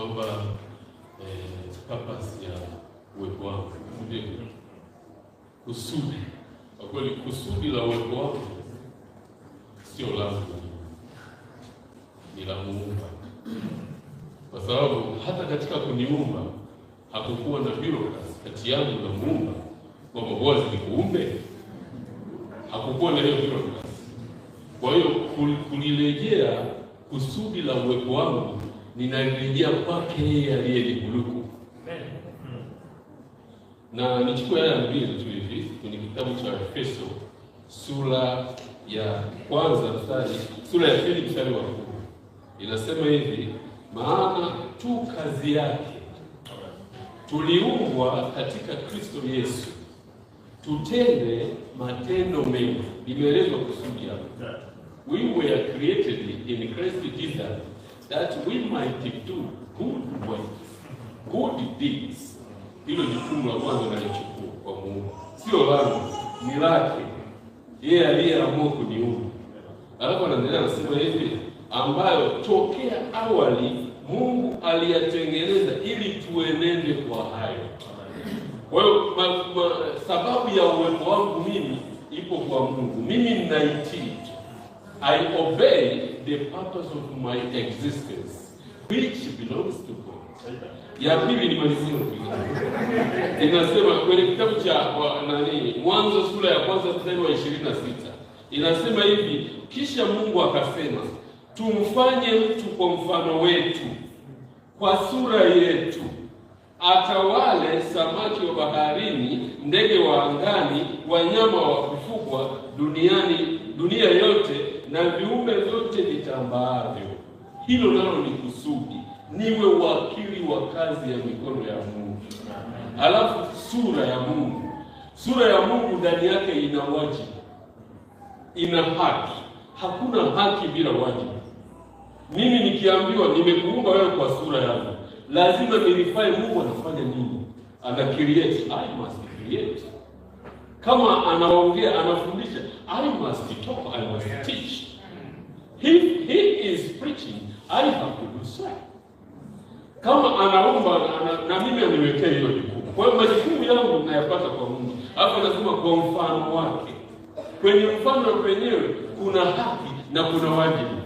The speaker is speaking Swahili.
kwamba eh, purpose ya uwepo wangu ndio kusudi kwa kweli, kusudi la uwepo wangu sio langu, ni la Muumba, kwa sababu hata katika kuniumba hakukuwa na birokrasi kati yangu na Muumba kwamba Boaz nikuumbe, hakukuwa na hiyo bureaucracy. Kwa hiyo kulirejea kusudi la uwepo wangu ninarejea kwake yeye aliyeniburuku. Na nichukue haya mbili tu hivi kwenye kitabu cha Efeso sura ya kwanza mstari, sura ya pili mstari wa kumi inasema hivi, maana tu kazi yake tuliumbwa katika Kristo Yesu tutende matendo mema. Imeelezwa kusudi hapo, we were created in Christ Jesus that we might do good work, good deeds. Hilo ni fungu la kwanza nalichukua kwa Mungu, sio langu, ni lake yeye aliyeamua kuniumba. Alafu anaendelea anasema hivi, ambayo tokea awali Mungu aliyatengeneza ili tuenende kwa hayo. Kwa hiyo sababu ya uwepo wangu mimi ipo kwa Mungu, mimi ninaitii I obey the purpose of my existence which belongs to God. Ya pili ni malizio inasema kwenye kitabu cha nani Mwanzo sura ya kwanza mstari wa 26 inasema hivi, kisha Mungu akasema tumfanye mtu kwa mfano wetu, kwa sura yetu, atawale samaki wa baharini, ndege wa angani, wanyama wa kufugwa duniani, dunia yote na viumbe vyote vitambaavyo. Hilo nalo ni kusudi, niwe wakili wa kazi ya mikono ya Mungu. Alafu sura ya Mungu, sura ya Mungu ndani yake ina wajibu, ina haki. Hakuna haki bila wajibu. Mimi nikiambiwa nimekuumba wewe kwa sura yangu, lazima nilifai Mungu anafanya nini? Ana create, I must create kama anaongea anafundisha, I must talk, I must teach. If he is preaching, I have to do so. Kama anaomba na, na mimi aniwekee hiyo jukumu. Kwa hiyo majukumu yangu nayapata kwa Mungu, Hapo anasema kwa mfano wake. Kwenye mfano wenyewe kuna haki na kuna wajibu.